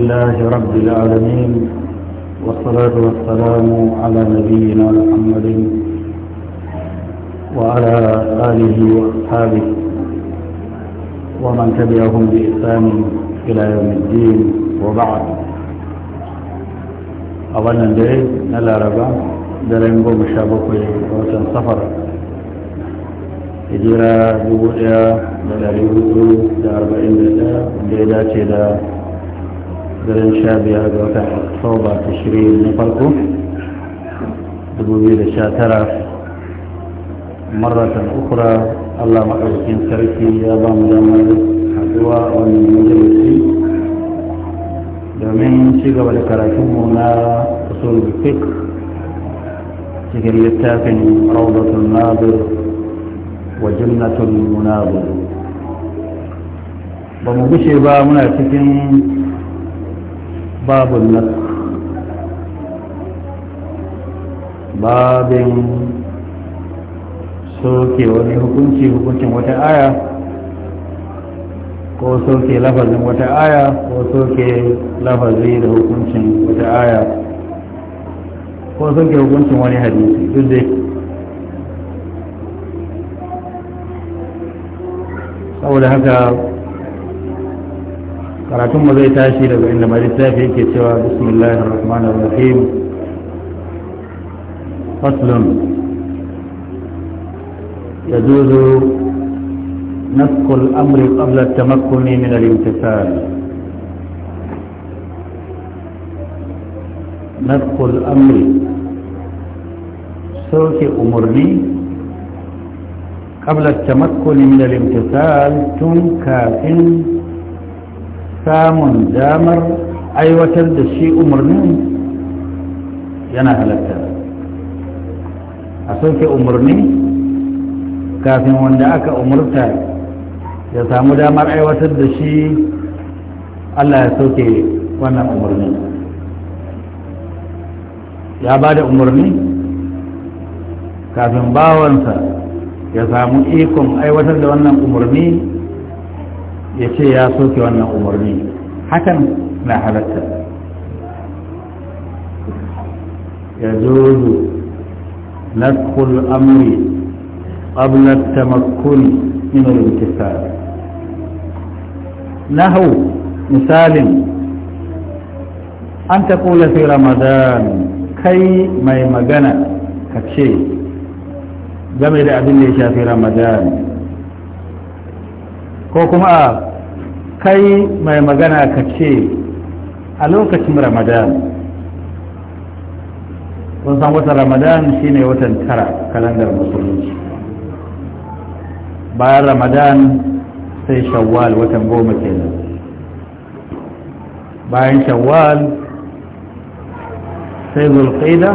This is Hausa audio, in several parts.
الله رب العالمين والصلاة والسلام على نبينا محمد وعلى آله وأصحابه ومن تبعهم بإحسان إلى يوم الدين وبعد أولا دي نلا ربا دلين بو مشابكوي وطن سفر hijira 1441 da ya dace دار garin sha biyar ga watan oktoba ta shirya na farko 2019 maratan ukura allah maɗaukin sarki ya ba mu damar haɗuwa a wannan majalisi domin ci gaba da karatunmu na usul fik cikin littafin raudatun nadir wa jinnatun munabir ba mu gushe ba muna cikin babun nas babin soke wani hukunci hukuncin wata aya ko soke lafazin wata aya ko soke lafazi da hukuncin wata aya ko soke hukuncin wani hadisi duk dai saboda haka karatun mu zai tashi daga inda mai littafi yake cewa bismillahir rahmanir rahim faslun yajuzu nakul نسك الأمر قبل التمكن من الامتثال نسك الأمر سوك أمرني قبل التمكن من الامتثال تنكافن samun damar aiwatar da shi umarnin yana halatta a sauke umarni kafin wanda aka umarta ya samu damar aiwatar da shi allah ya sauke wannan umarni ya ba da umarni kafin bawansa ya samu ikon aiwatar da wannan umarni ya ce ya soke wannan umarni hakan na halatta ya zozu naskul amri ƙablar tamakkuni min al Na hau misalin an ta kula fi ramadan kai mai magana ka ce game da abin da ya shafi ramadan ko kuma a kai mai magana ka ce a lokacin ramadan kun san watan ramadan shine watan tara kalandar musulunci bayan ramadan sai shawwal watan goma kenan bayan shawwal sai zulƙida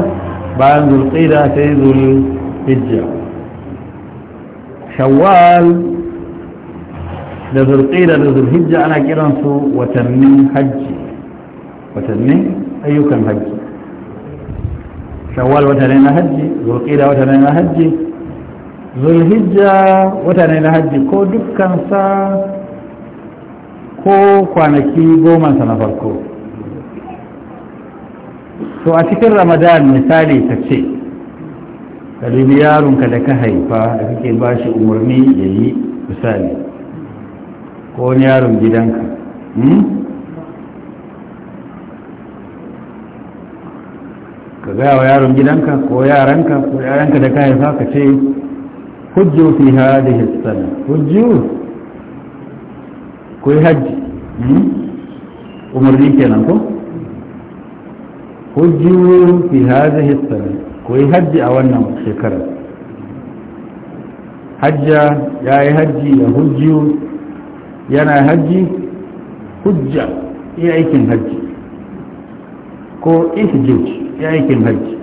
bayan zulƙida sai zulhijja shawwal da zulqida da zulhijja ana kiransu watannin hajji watannin ayyukan hajji shawwal wata ne na hajji zulqida wata ne na hajji zulhijja wata ne na hajji ko dukkansa ko kwanaki goma sa na farko to a cikin ramadan misali ta ce ka dubi yaronka da ka haifa da kake ba shi umarni ya yi misali ko wani yaron gidanka hmm? ka gaya wa yaron gidanka ko yaranka ko yaranka da kayan sa ka ce hujju fi hadhihi sana hujju ko hajji hmm? umarni kenan ko hujju fi hadhihi sana ko hajji a wannan shekarar hajja ya yi hajji ya hujju yana hajji hujja ya aikin hajji ko ihjij ya aikin hajji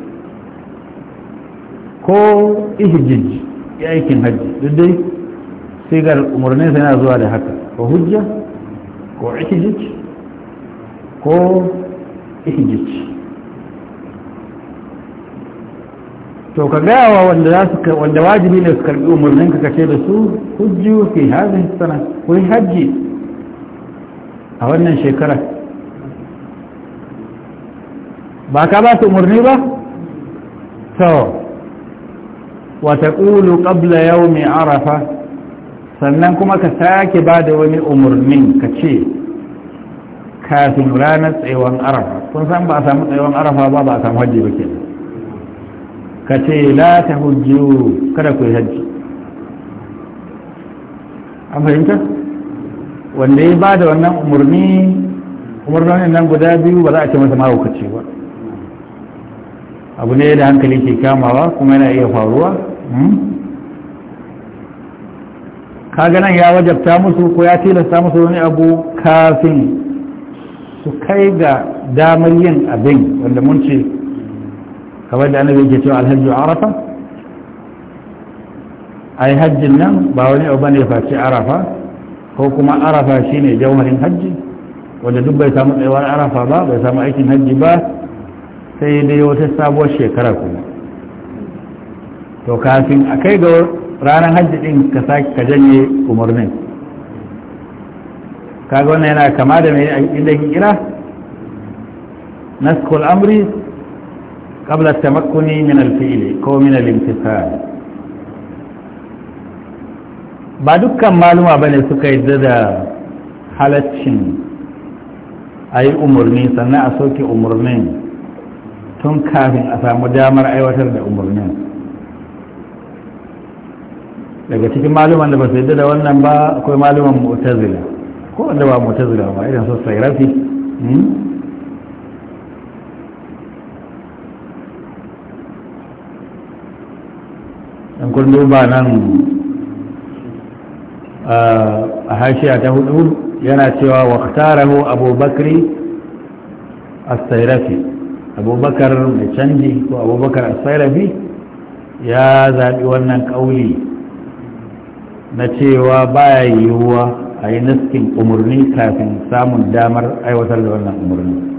ko ihjij ya aikin hajji duk dai sigar umarninsa yana zuwa da haka ko hujja ko ihjij ko ihjij to ka gaya wa wanda za su wanda wajibi ne su karbi umarnin ka kace da su hujju fi hadhihi sana ku hajji a wannan shekara ba ka ba su umarni ba to wa taqulu qabla yawmi arafa sannan kuma ka sake ba da wani umarnin ka ce kafin ranar tsayuwan arafa kun san ba a samu tsayuwan arafa ba ba a samu hajji ba kenan ka ce la ta hujju kada ku yi hajji an fahimta wanda ya ba da wannan umarni umarnin nan guda biyu ba za a ce masa mahaukaci ba abu ne da hankali ke kamawa kuma yana iya faruwa hmm? kaga nan ya wajabta musu ko ya tilasta musu wani abu kafin su kai ga damar yin abin wanda mun ce kamar da annabi yake cewa alhajju arafa ai hajjin nan ba wani abu bane face arafa ko kuma arafa shine jawharin hajji wanda duk bai samu tsayawar arafa ba bai samu aikin hajji ba sai dai wata sabuwar shekara kuma to kafin a kai ga ranar hajji din ka sake ka janye umarnin kaga wannan yana kama da mai inda kira naskul amri قبل التمكن من الفعل كو من الامتثال ba dukkan maluma bane suka yadda da halaccin a yi umarni sannan a soke umarnin tun kafin a samu damar aiwatar da umarnin daga cikin maluman da ba su yadda da wannan ba akwai maluman mu'tazila ko wanda ba mu'tazila ba irin su rafi in kun duba nan a hashiya ta hudu yana cewa waktarahu abubakri as abubakar mai canji ko abubakar as ya zaɓi wannan ƙauli na cewa baya yiwuwa a yi naskin umarni kafin samun damar aiwatar da wannan umarni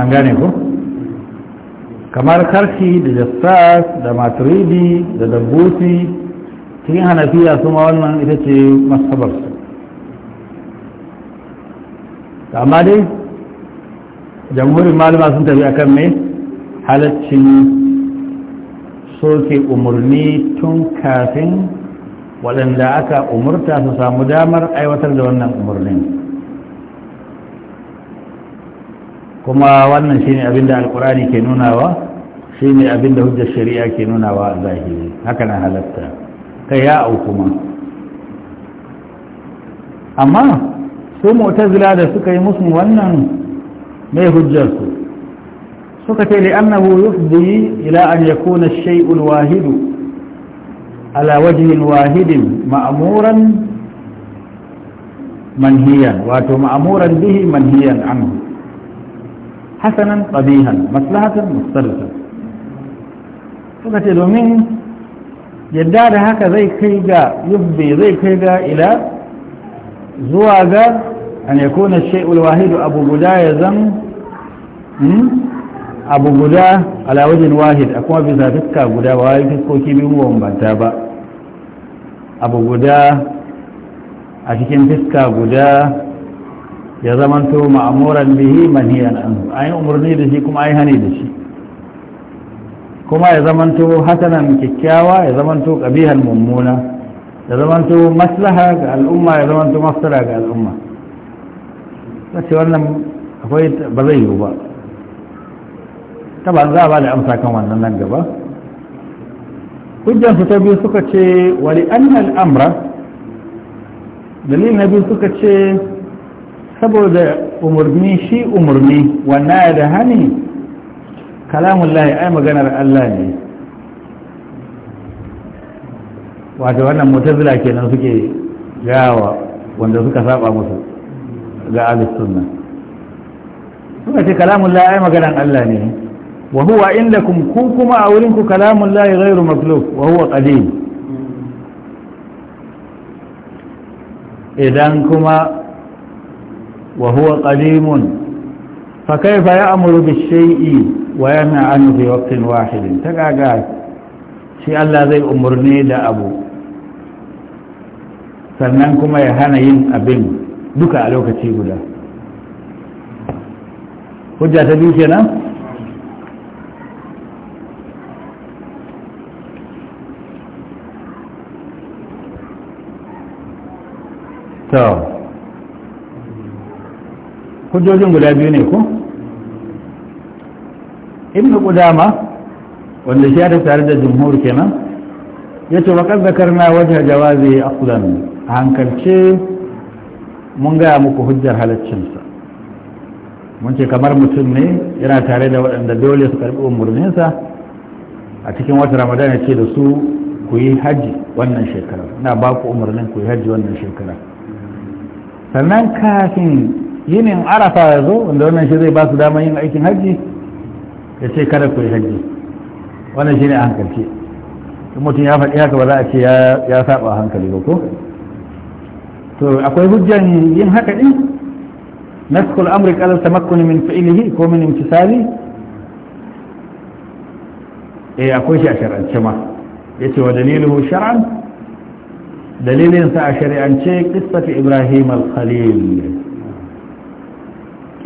an gane ku kamar karshi da jassas da maturidi da dabbusi cikin hanafiya su ma wannan ita ce masabarsu amma dai jamhurin malama sun tafi akan mai halaccin soke umarni tun kafin waɗanda aka umurta su samu damar aiwatar da wannan umarnin kuma wannan shine abin da alkurani ke nunawa shine abin da hujjar shari'a ke nunawa a zahiri haka na halatta kai ya auku ma. amma su mu'tazila da suka yi musu wannan mai hujjar su suka ce li annahu yufdi ila an yakuna ash-shay'u al-wahid ala wajhin wahidin ma'muran manhiyan wato ma'muran bihi manhiyan anhu hasanan qabihan maslahatan mustalatan suka ce domin yadda da haka zai kai ga yubbe zai kai ga ila zuwa ga an yakuna sha'ul wahidu abu guda ya zan abu guda ala wajin wahid a kuma bisa fiska guda ba wai fuskoki biyu mabambanta ba abu guda a cikin fiska guda ya zamanto ma'amuran bihi maniyan anhu ayi umurni da shi kuma ayi hani da shi kuma ya zamanto hasanan kyakkyawa ya zamanto qabihan mummuna ya zamanto maslaha ga al'umma ya zamanto mafsara ga al'umma sai wannan akwai ba zai yiwu ba ta ban za a ba da amsa kan wannan nan gaba hujjansu ta biyu suka ce wali annal amra dalilin na biyu suka ce saboda umarni shi umarni wannan da hani kalamun lahi ai maganar Allah ne wato wannan mutazila kenan suke gawa wanda suka saba musu ga ahlus sunna suka ce kalamun lahi ai maganar Allah ne wa huwa indakum ku kuma a wurin ku kalamun lahi ghairu makhluq wa huwa qadim idan kuma وهو قديم فكيف يأمر بالشيء وينهى عنه في وقت واحد تقاقات شيء الله زي أمرني دا أبو sannan kuma ya hana yin abin duka a lokaci guda hujja ta biyu kenan to hujjojin guda biyu ne ko inda ma wanda shi ya tare da jumhur kenan Ya yace wa zakar na wajha jawazi a hankalce mun gaya muku hujjar halaccinsa mun ce kamar mutum ne yana tare da waɗanda dole su karɓi umarninsa. a cikin wata ramadan ya ce da su ku yi hajji wannan shekarar. na ba ku umarnin ku yi hajji wannan shekarar. sannan kafin yinin arafa ya zo wanda wannan shi zai ba su damar yin aikin hajji ya ce kada ku yi hajji wannan shi ne a hankalce in mutum ya faɗi haka ba za a ce ya saba hankali ba ko to akwai hujjan yin haka din naskul amri kala tamakkuni min fi'lihi ko min imtisali eh akwai shi a shar'ance ma yace wa dalilu shar'an dalilin sa a shari'ance qissatu ibrahim al-khalil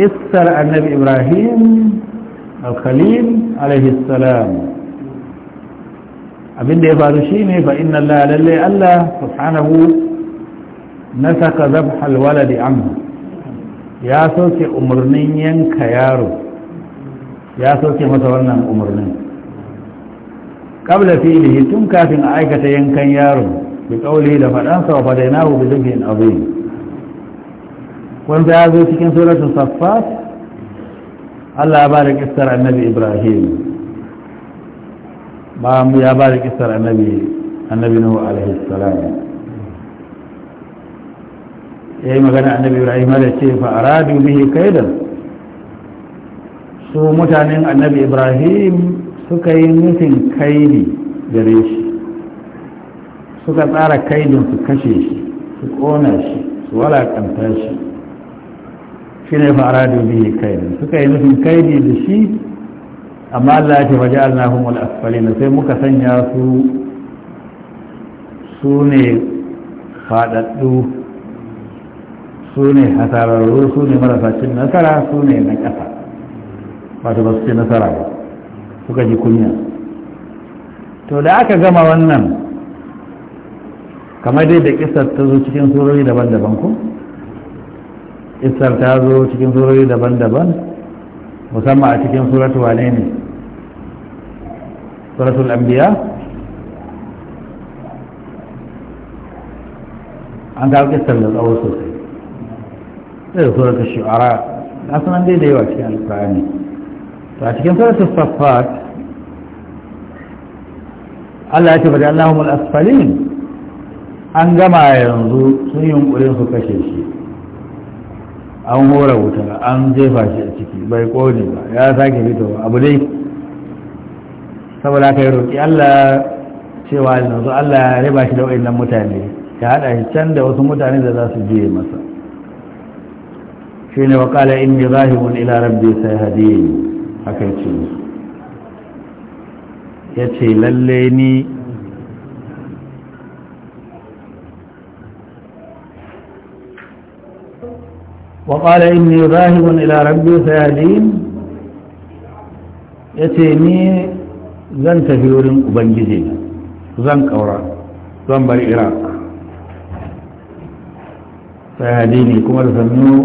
kissar annabi ibrahim al-khalil alaihi abin abinda ya faru shi ne fa inna Allah lalle Allah subhanahu nasaka zabhal waladi amma ya soke umarnin yanka yaro ya soke masa wannan umarnin qabla fili tun kafin a aikata yankan yaro bi qawli da fadansa wa fadainahu bi dhikrin azim wanda ya zo cikin suratul saffat Allah ya bada kisar annabi Ibrahim ba mu ya bada kisar annabi annabi Nuhu alaihi salam yayi magana annabi Ibrahim da ce fa aradu bihi kaidan su mutanen annabi Ibrahim suka yi nufin kaidi gare shi suka tsara kaidin su kashe shi su kona shi su walakanta shi shi ne fa aradu biyu kaidi suka yi nufin kaidi da shi amma Allah ya ce faji alnahum al-asfalin sai muka sanya su su ne fadaddu su ne hasararru su ne marasa cin nasara su ne na ƙasa wato ba su ci nasara ba suka ji kunya to da aka gama wannan kamar dai da kisar ta zo cikin surori daban-daban ku isar ta zo cikin surori daban-daban musamman a cikin suratu wane ne suratul anbiya an ga kisar da tsawo sosai sai da suratul shi'ara na sanan dai da yawa cikin alfahari to a cikin suratul saffat Allah ya ce bada Allahumul asfalin an gama yanzu sun yi yunƙurin su kashe shi an hora wuta an jefa shi a ciki bai kone ba ya sake fito abu dai saboda ka yi roƙi Allah cewa yanzu Allah ya riba shi da wa'annan mutane ya haɗa shi can da wasu mutane da za su je masa ne wa in inni zahibun ila rabbi sayhadin haka Ya yace lalle ni وقال إني ذاهب إلى ربي سيهدين يتيني زن تفيور أبنجزين زن كورا زن بر إراق سيهديني كما تسميه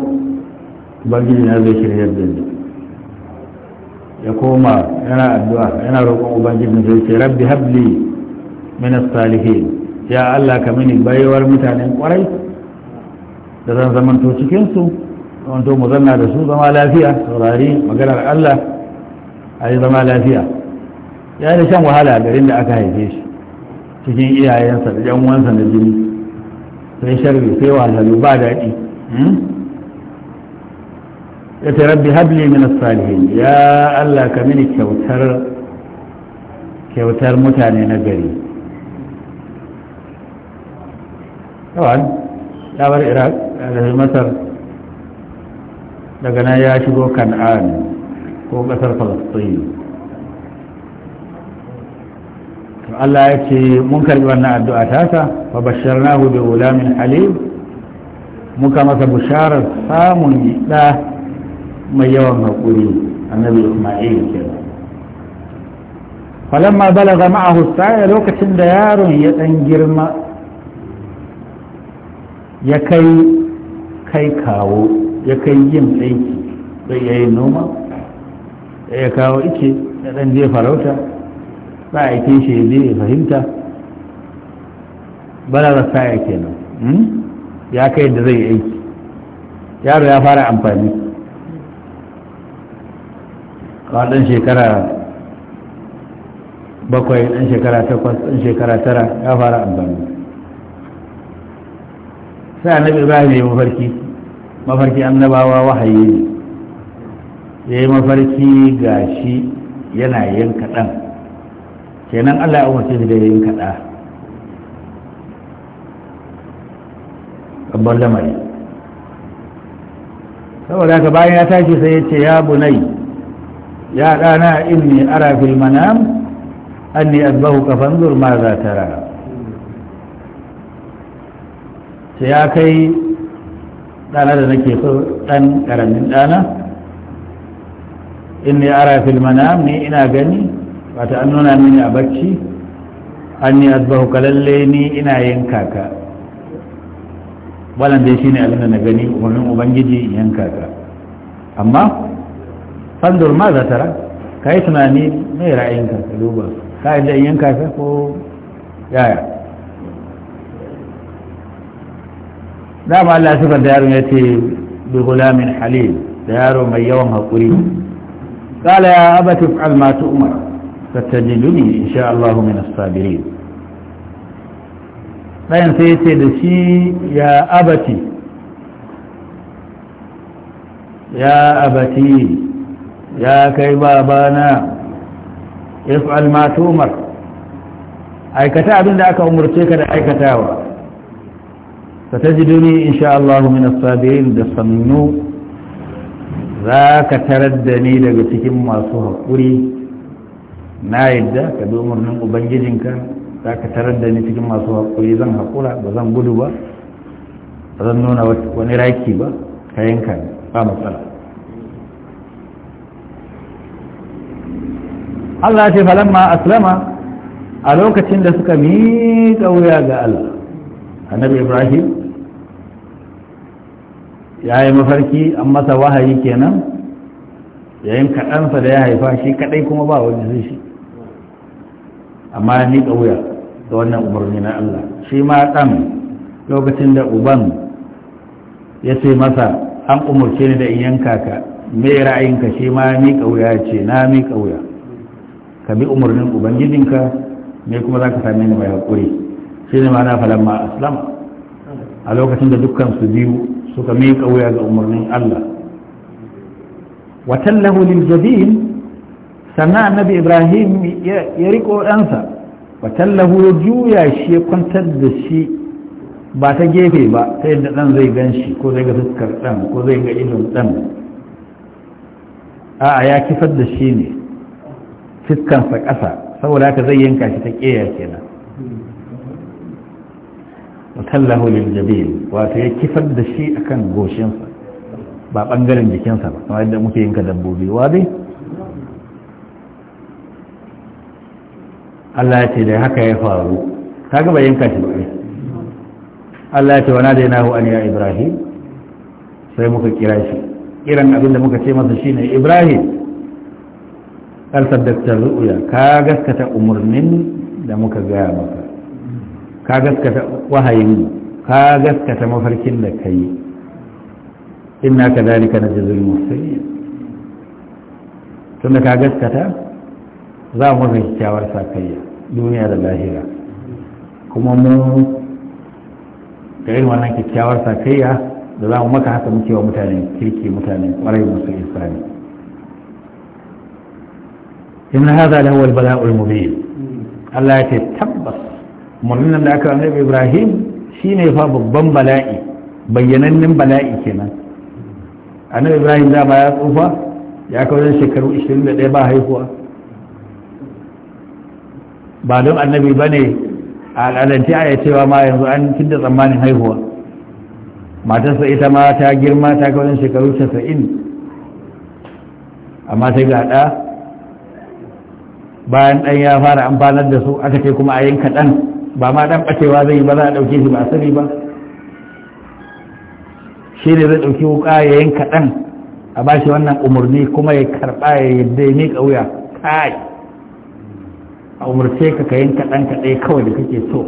أبنجزين هذا الشيء يبدأ ya koma yana addu'a yana roƙon ubangiji sai ce rabbi habli min as ya Allah ka mini bayawar mutanen kwarai da zan zamanto cikin su wanto mu zanna da su zama lafiya saurari maganar Allah a yi zama lafiya ya yi shan wahala a garin da aka haife shi cikin iyayensa da yan uwansa na jini sai sharri sai wahalhalu ba daɗi hmm? ya ce rabbi habli min as-salihin ya Allah ka mini kyautar kyautar mutane na gari yawan ya bar iraq da masar daga nan ya shigo kan'an ko ƙasar falastini Allah ya ce mun karbi wannan addu'a tasa fa basharnahu bi ulamin halim muka masa bisharar samun gida mai yawan hakuri annabi Isma'il kenan falamma balaga ma'ahu sa'a lokacin da yaron ya dan girma ya kai kai kawo ya kai yin aiki zai ya yi noma ya kawo ice ya ɗan je farauta ba a aike shi ya je ya fahimta balarar saya kenan hmm? ya kai da zai aiki yaro ya fara amfani kawai ɗan shekara bakwai ɗan shekara takwas ɗan shekara tara ya fara amfani sai na ibrahim ya yi mafarki mafarki annabawa wahayi ne ya yi mafarki ga shi yana yanka ɗan kenan allah ya umarci shi da yanka ɗa babban lamari saboda haka bayan ya tashi sai ya ce ya bunai ya ɗana inni ara fil manam anni asbahu fanzur ma za tara sai ya kai dana da nake so ɗan ƙaramin ɗana in ne ara fil manam ni ina gani wata an nuna mini a bacci an ni azbahu kalalle ni ina yanka ka wannan dai shine abin da na gani wannan ubangiji yanka ka amma fandur ma za tara ka yi tunani mai ra'ayinka ka duba ka yi da yanka ka ko yaya dama Allah sukan da yaron ya ce bi gulamin halil da yaro mai yawan haƙuri kala ya abati fa'al ma tu'mar satajiduni insha Allah min as-sabirin bayan sai ce da shi ya abati ya abati ya kai babana if ma tu'mar aikata abin da aka umurce ka da aikatawa ستجدني إن شاء الله من الصابرين دصنو ذاك تردني لغتكم ما سهقري نايد ذاك دومر من أبنجدنك ذاك تردني تكم ما سهقري ذن هقولا وذن قلوا وذن ونرايكي با كاين كينكا قام الصلاة الله ce falamma aslama a lokacin da suka miƙa wuya ga annabi ibrahim ya yi mafarki an masa wahayi kenan yayin kaɗansa da ya haifa shi kaɗai kuma ba wani zai shi amma ni wuya da wannan umarni na Allah shi ma ɗan lokacin da uban ya ce masa an umarce ni da in yanka ka me ra'ayinka shi ma ni ƙauya ce na mi kauya ka bi umarnin ubangijinka me kuma za ka same ni mai haƙuri shi ne mana falamma aslama a lokacin da dukkan su biyu suka miƙa wuya ga umarnin Allah watallahu lil jadin sannan annabi ibrahim ya riko ɗansa watallahu ya juya shi ya kwantar da shi ba ta gefe ba ta yadda ɗan zai gan shi ko zai ga fuskar ɗan ko zai ga idon ɗan a ya kifar da shi ne fuskansa ƙasa saboda haka zai yanka shi ta ƙeya kenan kallahu lil jabil wato ya kifar da shi akan goshinsa ba bangaren jikinsa ba kamar yadda muke yin dabbobi wa dai Allah ya ce da haka ya faru kaga bai yanka shi ba Allah ya ce wa nadainahu an ya ibrahim sai muka kira shi kiran abin da muka ce masa shine ibrahim kal saddaqta ru'ya ka gaskata umurnin da muka gaya maka ka gaskata wahayin ka gaskata mafarkin da ka yi inna ka zalika na jazul musulmi tunda ka gaskata za mu mafi kyawar sakayya duniya da lahira kuma mu ga irin wannan kyakkyawar sakayya da za mu maka haka muke wa mutane kirki mutane kwarai musu isani in hada lahu al-bala'ul mubin Allah ya ce tabbas murnan da aka annabi ibrahim shi ne fa babban bala'i bayyanannen bala'i kenan annabi ibrahim da ba ya tsufa ya kawo wajen shekaru 21 ba haihuwa ba don annabi ba ne a al'adance a cewa ma yanzu an da tsammanin haihuwa matarsa ita ma ta girma ta kawo wajen shekaru 90 amma sai ga ɗa bayan ɗan ya fara amfanar da su aka kai kuma a yanka ɗan ba ma dan bacewa zai ba za a dauke shi ba sani ba shi ne zai dauki wuka ya yanka dan a ba shi wannan umarni kuma ya karba ya yadda ya miƙa wuya kai a umarce ka ka yanka dan ka ɗaya kawai da kake so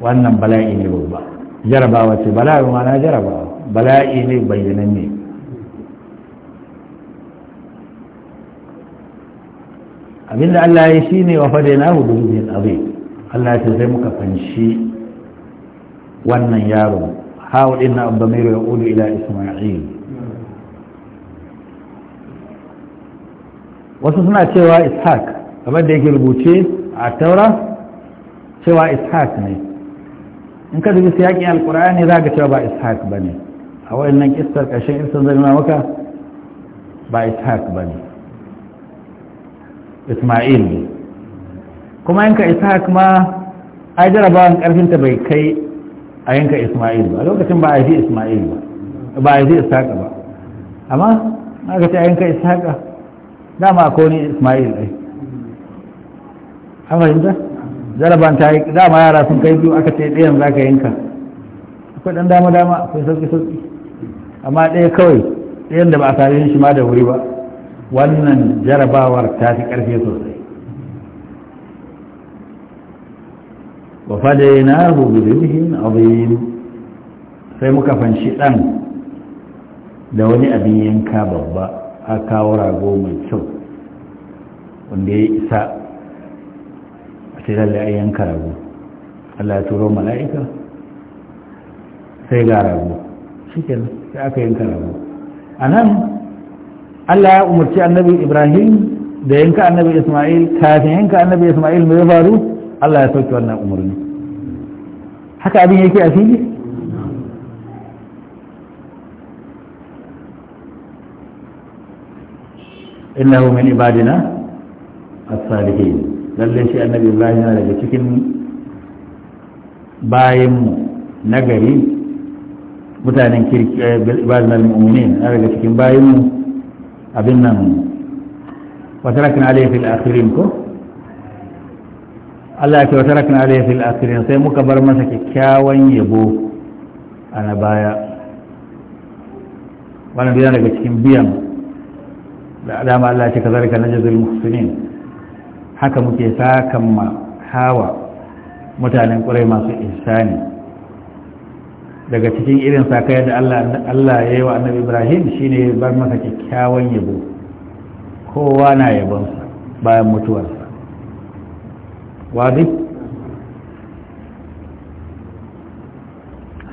wannan bala'i ne babba jarabawa ce bala'i ma na jarabawa bala'i ne bayyanan ne abinda Allah ya shi ne wa fadaina hu a azim Allah ya ce sai muka fanshi wannan yaro hawa din na abdamiru ya ulu ila isma'il wasu suna cewa ishaq kamar da yake rubuce a taura cewa ishaq ne in ka dubi siyakin alkur'ani za ka cewa ba ishaq ba ne a wayannan kistar ƙarshen istar zai maka ba ishaq ba ne isma'il ne kuma yanka ishaq ma ai jarabawan ta bai kai a yanka isma'il ba lokacin ba a yi isma'il ba ba a yi ishaq ba amma aka ce a yanka ishaq dama ko ni isma'il ai an fahimta jaraban ta yi dama yara sun kai biyu aka ce ɗayan za ka yanka akwai ɗan dama dama akwai sauƙi sauƙi amma ɗaya kawai ɗayan da ba a sare shi ma da wuri ba wannan jarabawar ta fi ƙarfi sosai wa fadainahu bi dhibhin azim sai muka fanshi dan da wani abin yanka babba a kawo rago mai kyau wanda ya isa a ce lalle a yanka rago Allah ya turo mala'ika sai ga rago shi sai aka yanka rago a nan Allah ya umarci annabi Ibrahim da yanka annabi Ismail kafin yanka annabi Ismail mai faru Allah ya sauke wannan umarni haka abin yake a fili innahu min ibadina as-salihin lalle shi annabi Ibrahim yana daga cikin bayanmu na gari mutanen kirki ibadin al-mu'minin yana daga cikin bayanmu abin nan wa tarakna alayhi fil akhirin ko Allah ya wata rakan alaihi fil sai muka bar masa kyakkyawan yabo a na baya wannan biyan daga cikin biyan da alama Allah ya ce kazalika najzul muhsinin haka muke sakan ma hawa mutanen kurai masu ihsani daga cikin irin sakayar da Allah ya yi wa annabi Ibrahim shine bar masa kyakkyawan yabo kowa na yabonsa bayan mutuwar. واضح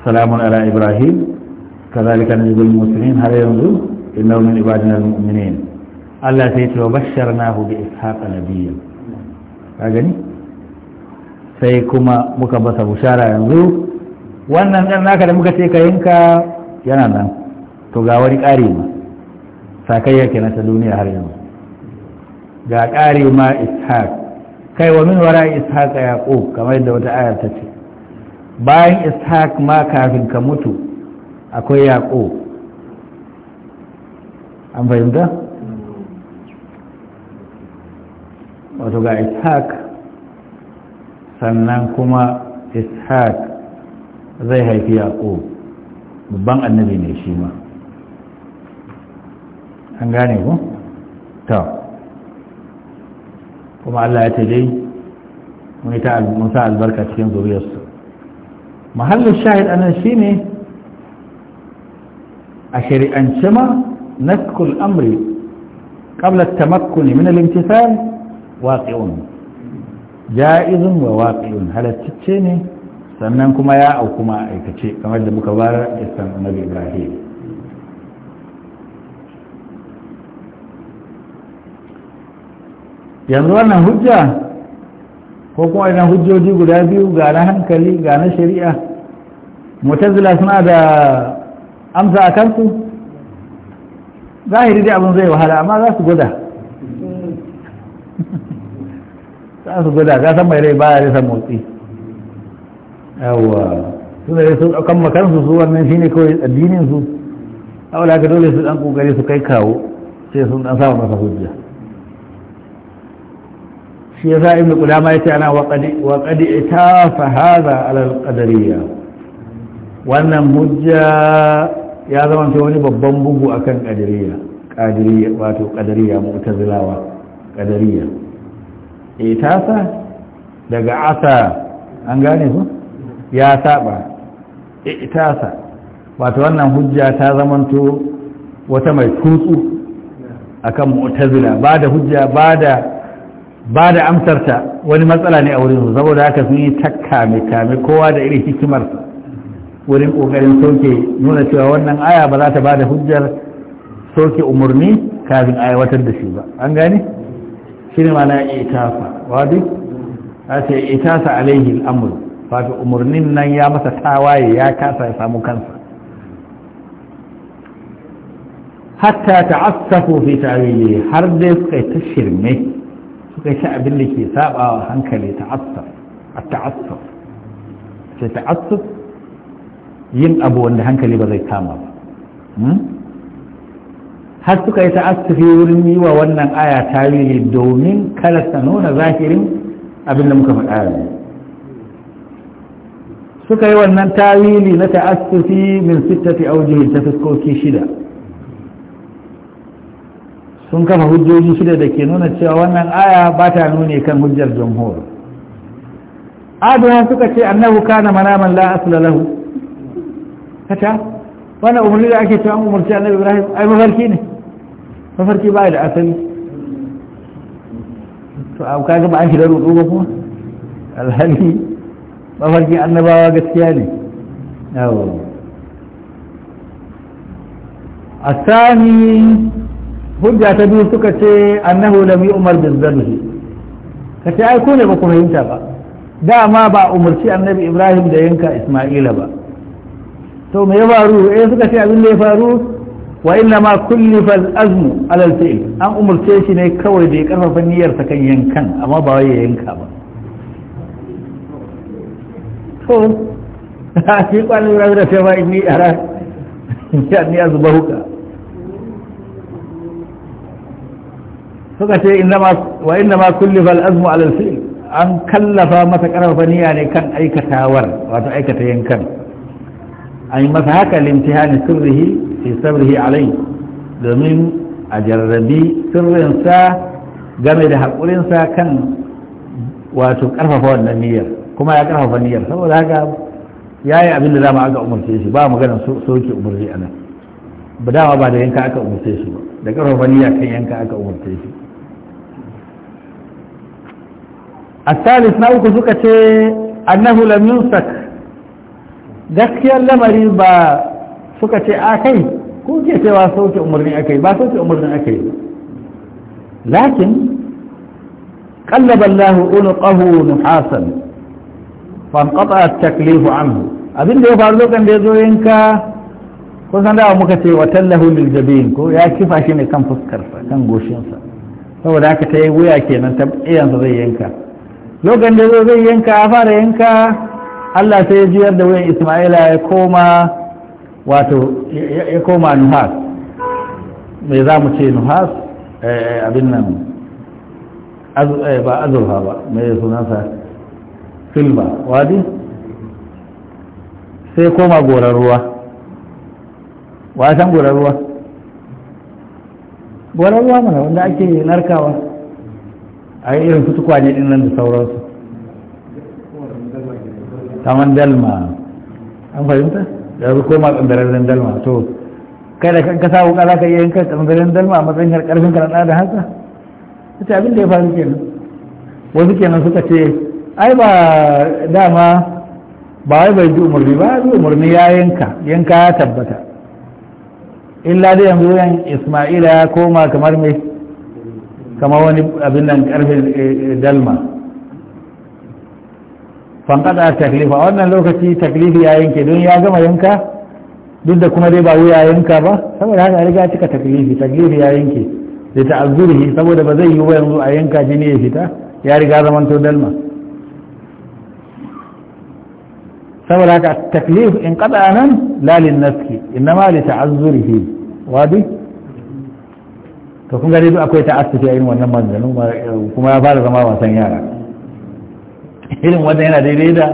سلام على إبراهيم كذلك نجد المسلمين هل ينظر إنه من عبادنا المؤمنين na سيتي وبشرناه بإسحاق نبيا أجني سيكما مكبس بشارة ينظر wannan ɗan naka da muka ce ka yinka yana nan to ga wani ƙari ma sakayya kenan ta duniya har yanzu ga ƙari ma ishaq kai wa min wara ishaq yaqub kamar da wata ayar ta ce bayan ishaq ma kafin ka mutu akwai yaqub an fahimta wato ga ishaq sannan kuma ishaq zai haifi yaqub babban annabi ne shi ma an gane ku to kuma Allah ya ce dai mun sa albarka cikin zuriyarsu mahallin shahid anan shine a shari'ance ma naskul amri qabla tamakkuni min al-imtithal waqi'un ja'izun wa waqi'un halaccece ne sannan kuma ya au kuma aikace kamar da muka bara isan nabi Ibrahim yanzu wannan hujja ko kuma idan hujjoji guda biyu ga na hankali ga na shari'a mutazila suna da amsa a kansu zahiri dai abin zai wahala amma za su guda za su guda za san mai rai baya rasa motsi yawwa su da su ɗaukan makansu su wannan shine kawai addinin su a wadda dole su ɗan ƙoƙari su kai kawo sai sun ɗan samu masa hujja shi ya sa ƙudama ya ce ana wa qad itafa hadha ala al-qadariyya wannan hujja ya zama ta wani babban bugu akan ƙadariya ƙadariya wato qadariyya mu'tazilawa ita sa daga asa an gane su ya saba sa wato wannan hujja ta to wata mai tutsu akan mu'tazila ba da hujja ba da ba da amsarta wani matsala ne a wurin su saboda haka sun yi takkame kame kowa da irin hikimar wurin ƙoƙarin soke nuna cewa wannan aya ba za ta ba da hujjar soke umarni kafin aiwatar da shi ba an gane shi ne mana itasa wadi a ce itasa alaihi al'amur wato umarnin nan ya masa tawaye ya kasa ya samu kansa hatta ta'assafu fi tawili har dai suka ta shirme sai ta abin da ke sabawa hankali ta'assar sai ta'assar yin abu wanda hankali ba zai kama ba hmm? har suka yi ta'assufi wurin yi wa wannan aya tarihi domin kada ta nuna zahirin abin da muka faɗa yanzu suka yi wannan tawili na ta'assufi min sittati aujihin ta fuskoki shida sun kafa hujjoji shida da ke nuna cewa wannan aya ba ta nune kan hujjar jamhur adawa suka ce annahu kana manaman la asla lahu kata wannan umarni da ake cewa umarci annabi ibrahim ai mafarki ne mafarki ba da asali to a kaga ba an shi da rudu ba kuma alhali mafarkin annabawa gaskiya ne yawo الثاني hujja ta biyu suka ce annahu lam yu'mar bil zalhi ka ce ai ko ne ba ku fahimta ba dama ba umarci annabi ibrahim da yanka isma'ila ba to me ya faru eh suka ce abin da ya faru wa inna ma kullifa al-azmu ala al-fi'l an umarce shi ne kawai da ya karfafa niyyar sa kan yankan amma ba wai ya yanka ba to shi kwalin rabu da sai ba inni ara ya ni azbahuka suka ce wa inda ma kullifa al'azmu alal an kallafa masa karfafa niyya ne kan aikatawar wato aikata yankan an yi masa haka limtihani sirrihi fi sabrihi alai domin a jarrabi sirrinsa game da haƙurinsa kan wato karfafa wannan niyyar kuma ya karfafa niyyar saboda haka ya yi abin da dama aka umarce shi ba maganar soke umarci a nan ba dama ba da yanka aka umarce shi ba da karfafa niyya kan yanka aka umarce shi الثالث نأوك سكة أنه لم ينسك gaskiyar lamari ba suka ce a kai ko ke cewa sauke umarni akai ba sauke umarni akai lakin قلب الله أنقه نحاسا فانقطع التكليف عنه abin da ya faru lokacin da ya zo yanka ko san da muka ce wa tallahu lil jabin ko ya kifa shi ne kan fuskarsa kan goshinsa saboda haka ta yi wuya kenan ta zai yanka lokacin da zai yanka a fara yanka Allah sai ya jiyar da wayan Isma'ila ya koma wato ya koma nuhas mai za mu ce nuhas eh, abin nan eh, ba azurfa ba mai sunansa filba wadi sai koma gorar ruwa wasan gorar ruwa gorar ruwa mana wanda ake narkawa a yi irin kutukwane din nan da sauransu kaman dalma an fahimta da su koma tsandararren dalma to kai da kan kasa wuka za ka iya yanka tsandararren dalma a matsayin karfin karɗa da haka ta abin da ya faru kenan wasu kenan suka ce ai ba dama ba wai bai ji umarni ba ji umarni ya yanka yanka ya tabbata illa da yanzu yan isma'ila ya koma kamar mai kama wani abin nan karfin eh, eh, dalma fankada taklifa a wannan lokaci taklifi ya yanke don ya gama yanka duk da kuma dai ba wuya yanka ba saboda haka riga cika taklifi taklifi ya yanke da ta'azzurhi saboda ba zai yi ba yanzu a yanka jini ya fita ya riga to dalma saboda haka taklif in kada nan lalin naski innama li ta'azzurhi wadi to kun gani duk akwai ta asibiti a irin wannan manzanin kuma ya fara zama wasan yara irin wannan yana daidai da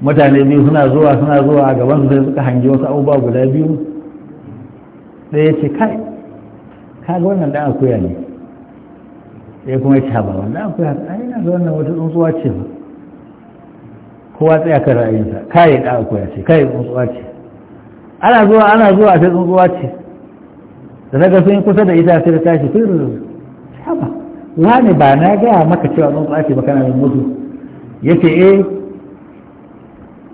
mutane biyu suna zuwa suna zuwa a gaban su sai suka hangi wasu abubuwa guda biyu ɗaya ce kai kaga wannan dan akuya ne ya kuma ya ba wannan akuya ai na ga wannan wata tsuntsuwa ce ba kowa tsaya kan ra'ayinsa kai dan akuya ce kai tsuntsuwa ce ana zuwa ana zuwa a sai tsuntsuwa ce Daga na sun kusa da ita sai da tashi fir haba wani ba na gaya maka cewa tsuntsuwa ce ba kana mai mutu yace eh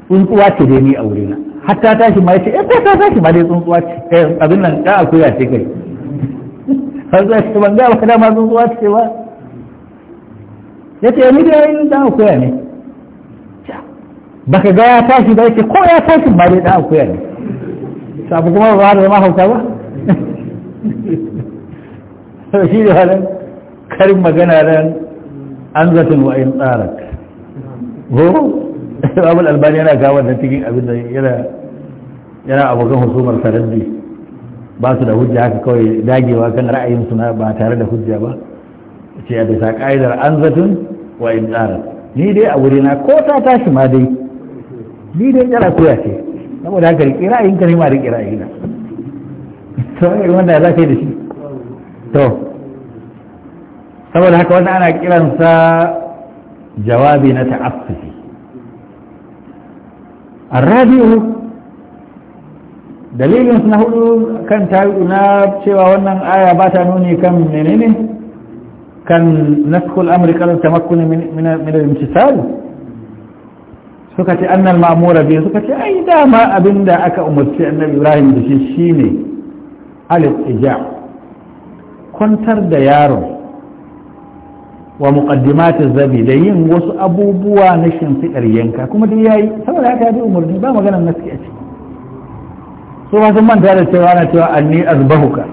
tsuntsuwa ce dai ni a wurina hatta tashi ma ya ce eh ko ta tashi ma dai tsuntsuwa ce eh abin nan da akuya ce kai har zai ce ban ga ba dama tsuntsuwa ce ba yace ni dai da akuya ne baka ga ya tashi ba ya ce ko ya tashi ma dai da akuya ne sabu kuma ba da ma hauta ba sau shi da halin karin magana ran an zatin wa'in tsarak ko albani yana gawar da cikin abin da yana abokan husumar sarari ba su da hujja haka kawai dagewa kan ra'ayinsu na ba tare da hujja ba ce a bisa ka'idar an zatin wa'in tsarak ni dai a wurina ko ta tashi ma dai ni dai yana koya ce saboda haka riƙi ra'ayinka ne ma riƙi ra'ayina to eh, wanda ya da shi to saboda haka wannan ana kiransa jawabi na ta'affufi arabiyu dalilin na hudu kan tabi'u na cewa wannan aya ba ta nuni kan menene kan naskul amri kan tamakkuni min al suka ce annal ma'amura biyu suka ce ai dama abinda aka umarci annabi Ibrahim da shi shine al-ija kwantar da yaron wa muqaddimati zabi da yin wasu abubuwa na shimfidar yanka kuma duk yayi saboda haka ya bi umarni ba magana naski a ciki so ba sun manta da cewa ana cewa anni azbahuka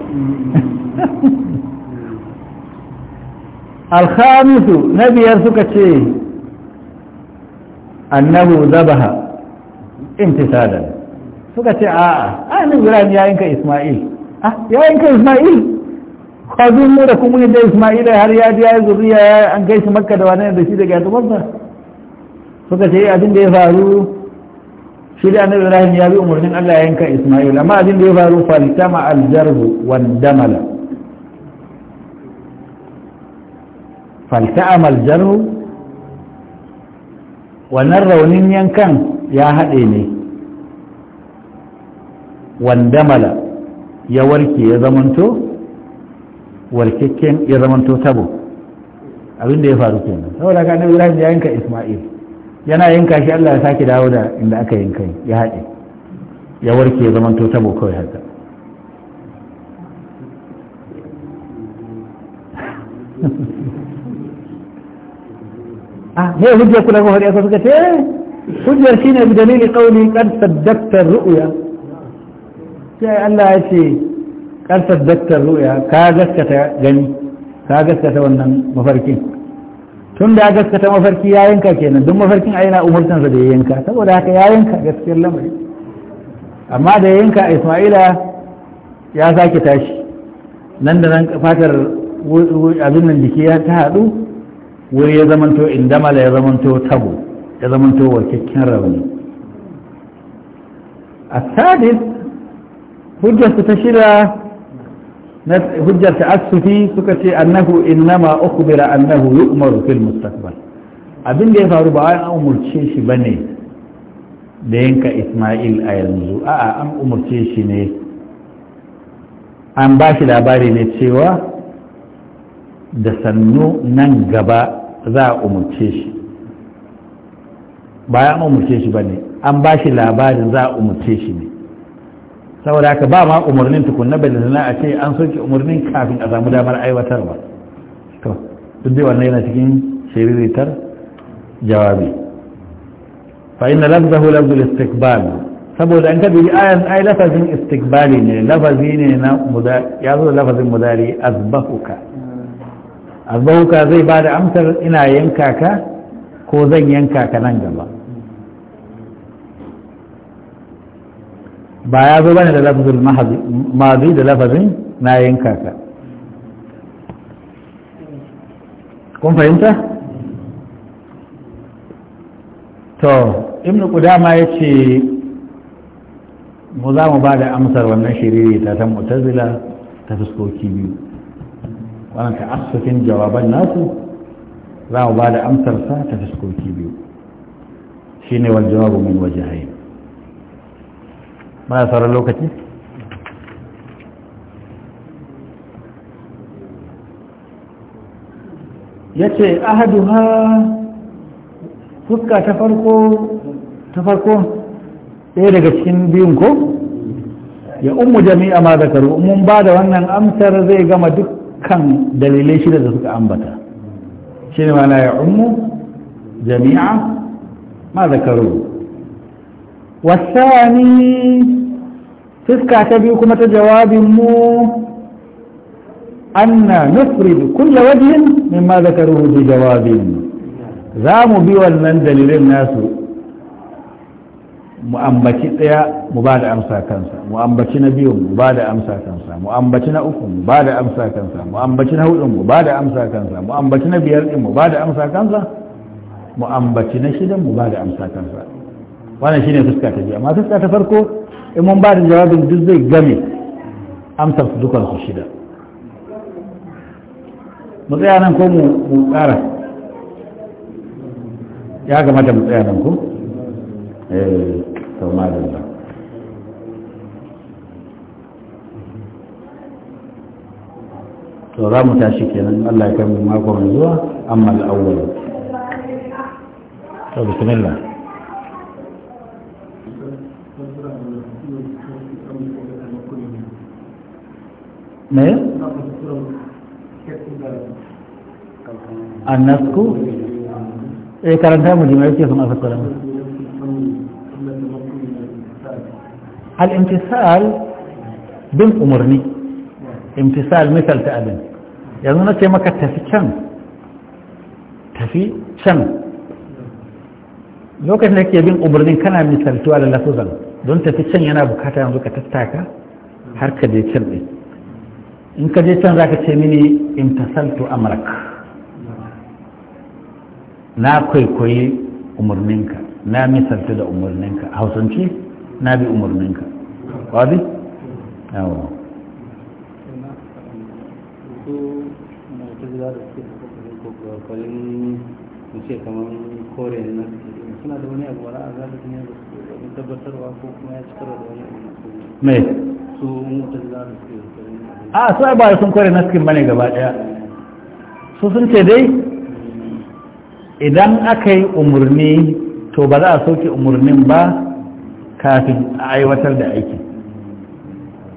alhamisu na biyar suka ce annahu zabaha intisadan suka ce a'a ainihin ni ya yanka isma'il Ah, ya yanka isma'il zo mu da kuma yadda Isma'il har ya ji ya yi zuriya ya an kai shi makka da wani da shi daga wanda suka ce eh, abin da ya faru shi da annabi ibrahim ya bi umarnin allah ya yanka isma'il amma abin da ya faru faltama aljarhu wan damala faltama aljarhu wannan raunin yankan ya haɗe ne wandamala ya warke ya zamanto warkekken ya zamanto tabo abin da ya faru kenan saboda ka annabi Ibrahim ya yanka Isma'il yana yanka shi Allah ya sake dawo da inda aka yanka ya haɗe ya warke ya zamanto tabo kawai haka ah ne hujjar kula ko hadiya suka ce hujjar shine bi dalili qawli qad saddaqta ar ru'ya sai Allah ya ce ƙarfar daktar ru'ya ka gaskata gani ka gaskata wannan mafarkin tun da gaskata mafarki ya yanka kenan duk mafarkin a yana umurtansa da ya yanka saboda haka ya yanka gaskiyar lamari amma da ya yanka Ismaila ya sake tashi nan da nan fatar abin nan jiki ya ta haɗu wuri ya zamanto indamala ya zamanto tabo ya zamanto warkakken rauni a sadis hujjarsu ta shida na hujjar ta'assufi suka ce annahu innama ukhbira annahu yu'maru fil mustaqbal abin da ya faru ba an umurce shi bane da yanka Isma'il a yanzu a'a an umurce shi ne an ba shi labari ne cewa da sannu nan gaba za a umurce shi ba an umurce shi ba ne an ba shi labarin za a umurce shi ne saboda haka ba ma umarnin tukunna bai da a ce an soke umarnin kafin a samu damar aiwatarwa to duk dai wannan yana cikin shiriritar jawabi fa inna lafzahu lafzul istiqbal saboda an kabi ayan ai lafazin istiqbali ne lafazi ne na mudari ya zo lafazin mudari azbahuka azbahuka zai bada amsar ina yanka ka ko zan yanka ka nan gaba ba ya zo bane da lafazin mazi da lafazin na yanka ka kun fahimta to ibn qudama yace mu za mu ba da amsar wannan shiriri ta ta mu'tazila ta fuskoki biyu wannan ta'assufin jawaban nasu za mu ba da amsarsa ta fuskoki biyu shine wal jawabu min wajhayn mana sauran lokaci ya ce ahaduha fuska ta farko ta farko ɗaya daga cikin biyun ko ya umu jami'a ma zakaru mun ba da wannan amsar zai gama dukkan dalilai shida da suka ambata shi ne mana ya umu jami'a ma zakaru ni. Fiska ta biyu kuma ta jawabin mu anna nufridu kulla wajhin mimma zakaruhu bi jawabin za mu bi wannan dalilin nasu mu ambaci tsaya mu ba da amsa kansa mu ambaci na biyu mu ba da amsa kansa mu ambaci na uku mu ba da amsa kansa mu ambaci na hudu mu ba da amsa kansa mu ambaci na biyar din mu ba da amsa kansa mu ambaci na shidan mu ba da amsa kansa wannan shine fuska ta biyu amma fuska ta farko in mun ba da jawabin duk zai game amsar su dukan su shida mu tsaya nan ko mu ƙara ya kamata mu tsaya nan ko eh to to za mu tashi kenan Allah ya kai mu mako mai zuwa amma al-awwal to bismillah me annasku eh karanta mu jima yake son afakala mu al-imtisal bin umarni imtisal misal ta abin yanzu na ce maka tafi can tafi can lokacin da ke bin umarnin kana misaltuwa da lafuzan don tafi can yana bukata yanzu ka tattaka har ka je can ɗin in ka je can za ka ce mini salto amrak na kwaikwayi umarninka na misalta da umarninka hausance na bi umarninka wadi? yawo su su a su ba sun kware naskin bane gaba daya su sun ce dai idan aka yi umarni to ba za a soke umarnin ba kafin a aiwatar da aiki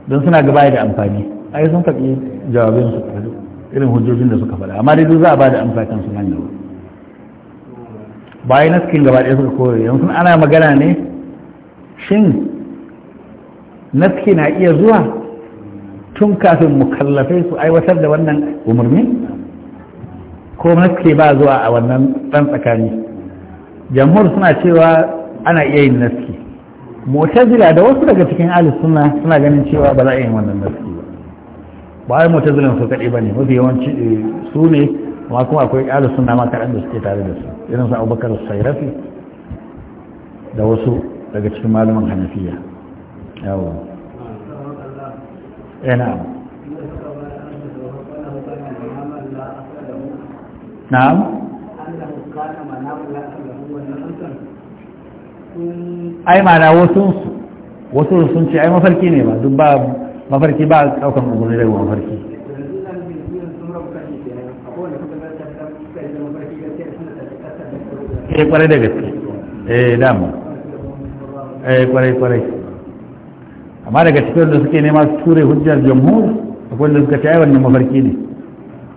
don suna gaba da amfani ai sun faɗi jawabin su irin hujjojin da suka faɗa amma dai duk za a ba da amfakan su nan yau bayan naskin gaba ɗaya suka kore yanzu ana magana ne shin naski na iya zuwa tun kafin mukallafai su aiwatar da wannan umarni ko maske ba zuwa a wannan ɗan tsakani jamhur suna cewa ana iya yin naski motazila da wasu daga cikin ahli suna suna ganin cewa ba za a yin wannan naski ba ba ai su kaɗai ba ne mafi yawanci eh, su ne amma kuma akwai ahli suna ma kaɗan da suke tare da su irin su abubakar sairafi da wasu daga cikin malaman hanafiya yawon نعم eh, نعم ai mana wasu wasu sun ce ai mafarki ne ba duk ba mafarki ba daukan umarni daga mafarki eh kwarai da gaske eh dama eh kwarai kwarai amma daga cikin da suke nema su ture hujjar jamhur akwai da suka ce wannan mafarki ne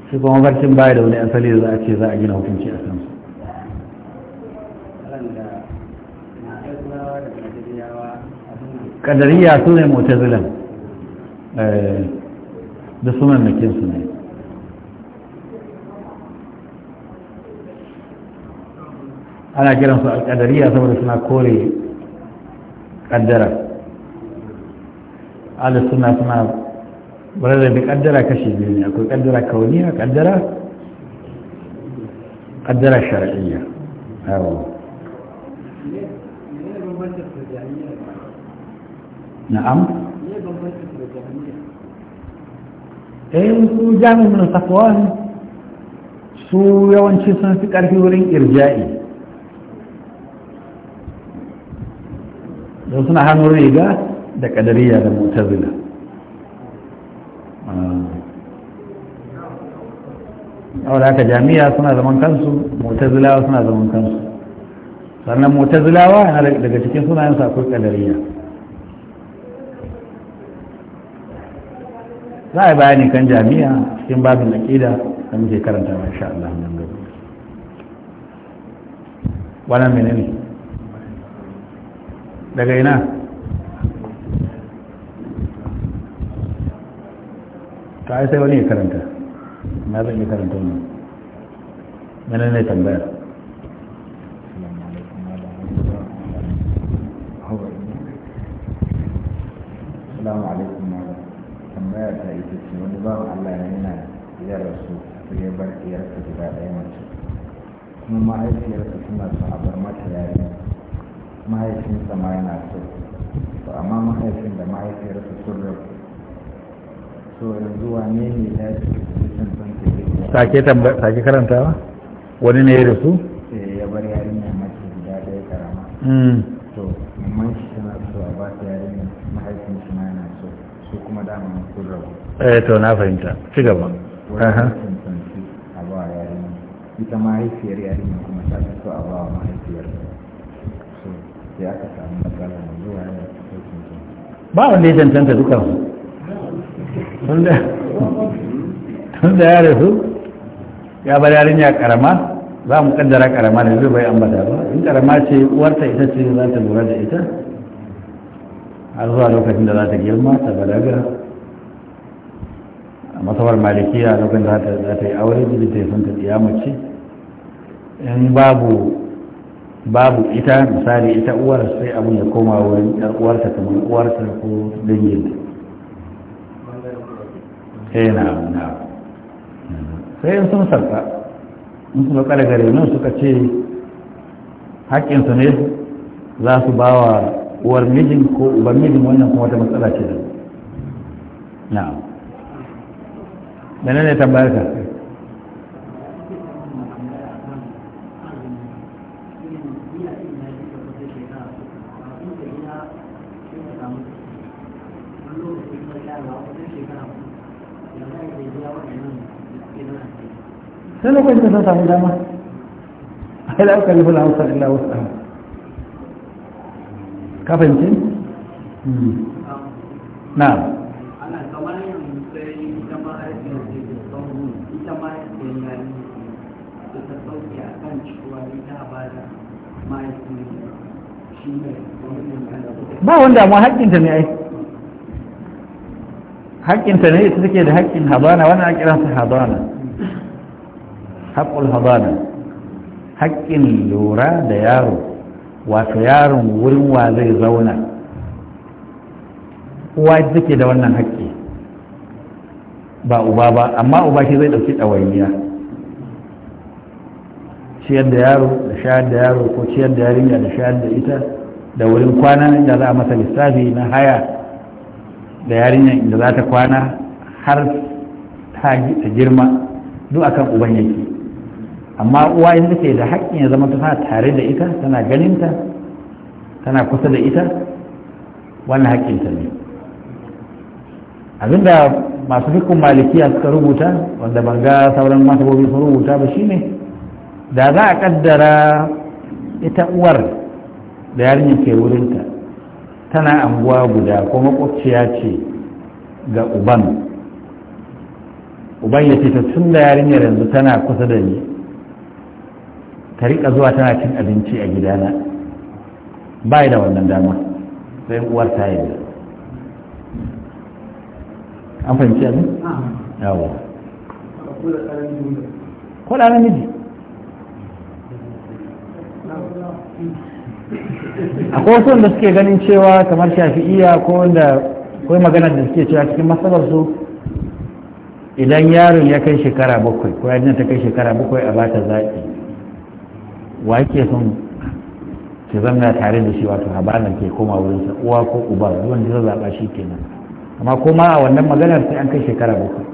shi kuma mafarkin baya da wani asali da za a ce za a gina hukunci a kansu kadariya su ne mutazilan eh, da sunan makinsu ne ana kiransu alkadariya saboda suna kore kaddara ala suna suna rarrabe kaddara kashi biyu ne akwai kaddara kauniya kaddara kaddara shar'iyya na'am eh su jami'in safwan su yawanci sun fi ƙarfi wurin irja'i don suna hannun riga da kadariya da mutazila wadda ah. aka jami'a suna zaman kansu mutazilawa suna zaman kansu sannan mutazilawa yana daga cikin sunayen akwai ƙadariya. za a yi bayani kan jami'a cikin babin aƙida da muke karanta wa sha Allah nan gaba wannan menene daga ina ta ai sai wani ya karanta na zai yi karanta wannan yana ne tambaya Assalamu alaikum malam tambaya ta ita ce wani bawan Allah yana ya rasu su ya bar iyarsa guda ɗaya mace kuma mahaifiyarsa suna son a bar mata yarinya mahaifin sama yana so to amma mahaifin da mahaifiyarsa sun rabu to yanzu wane ne ya sake sake karantawa wani ne ya rasu eh, ya bar yarinya mace guda ɗaya karama hmm. to mamman shi tana so a ba ta yarinya mahaifin shi ma yana so su kuma dama sun rabu eh to na fahimta ci gaba a ba yarinya ita mahaifiyar yarinya kuma ta so a ba wa mahaifiyar so sai aka samu matsala zuwa ya ba wanda ya cancanta dukansu tun da ya rasu ya bar yarinya karama za mu kaddara karama da zai bai ambata ba in karama ce uwarta ita ce za ta lura da ita har zuwa lokacin da za ta girma ta balaga a masawar malikiya lokacin da za ta yi aure jiji ta yi sun ta tsiya mace in babu babu ita misali ita uwar sai abin ya koma wurin uwarta kamar uwarta ko ta Eh, sai yana abuna sai sun sarka in suka ƙarƙare nan suka ce haƙƙinsu ne za su ba wa uwar mijin ko uban mijin wannan kuma wata matsala ce da na'am ne tambayar ka sai lokacin da sun samu dama a yi la ukallifu la hausa illa wasa ka fahimci hmm. na ba wanda mu haƙƙinta ne ai haƙƙinta ne ita take da haƙƙin habana wannan a kiransa habana haƙul hazana haƙƙin lura da yaro wato yaron wurin wa zai zauna uwa take da wannan haƙƙi ba uba ba amma uba shi zai ɗauki ɗawainiya ciyar da yaro da shayar da yaro ko ciyar da yarinya da shayar da ita da wurin kwana inda za a masa lissafi na haya da yarinya inda za ta kwana har ta girma duk akan uban yake amma uwa in take da haƙƙin ya zama tana tare da ita tana ganinta tana kusa da ita wannan haƙƙinta ne abinda masu fikin malikiya suka rubuta wanda ban ga sauran masabobi sun rubuta ba shine da za a kaddara ita uwar da yarinyar ke wurinta tana anguwa guda ko makwabciya ce ga uban uban ya ce ta tun da yarinyar yanzu tana kusa da ni ta riƙa zuwa tana cin abinci a gidana ba da wannan dama sai uwar ta yi an fahimci abin? yawa ko da namiji akwai wasu wanda suke ganin cewa kamar shafi'iya ko wanda kawai magana da suke cewa cikin matsalarsu idan yaron ya kai shekara bakwai ko yadda ta kai shekara bakwai a bata zaɓi wa ke son ki zanna tare da shi wato habana ke koma wurin sa uwa ko uba wanda da zaba shi kenan amma kuma a wannan maganar sai an kai shekara bakwai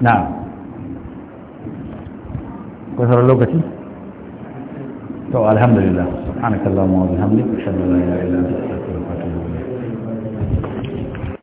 na ko kusurar lokaci to alhamdulillah subhanakallahumma wa bihamdika ashhadu an la ilaha illa anta astaghfiruka wa atubu ilayk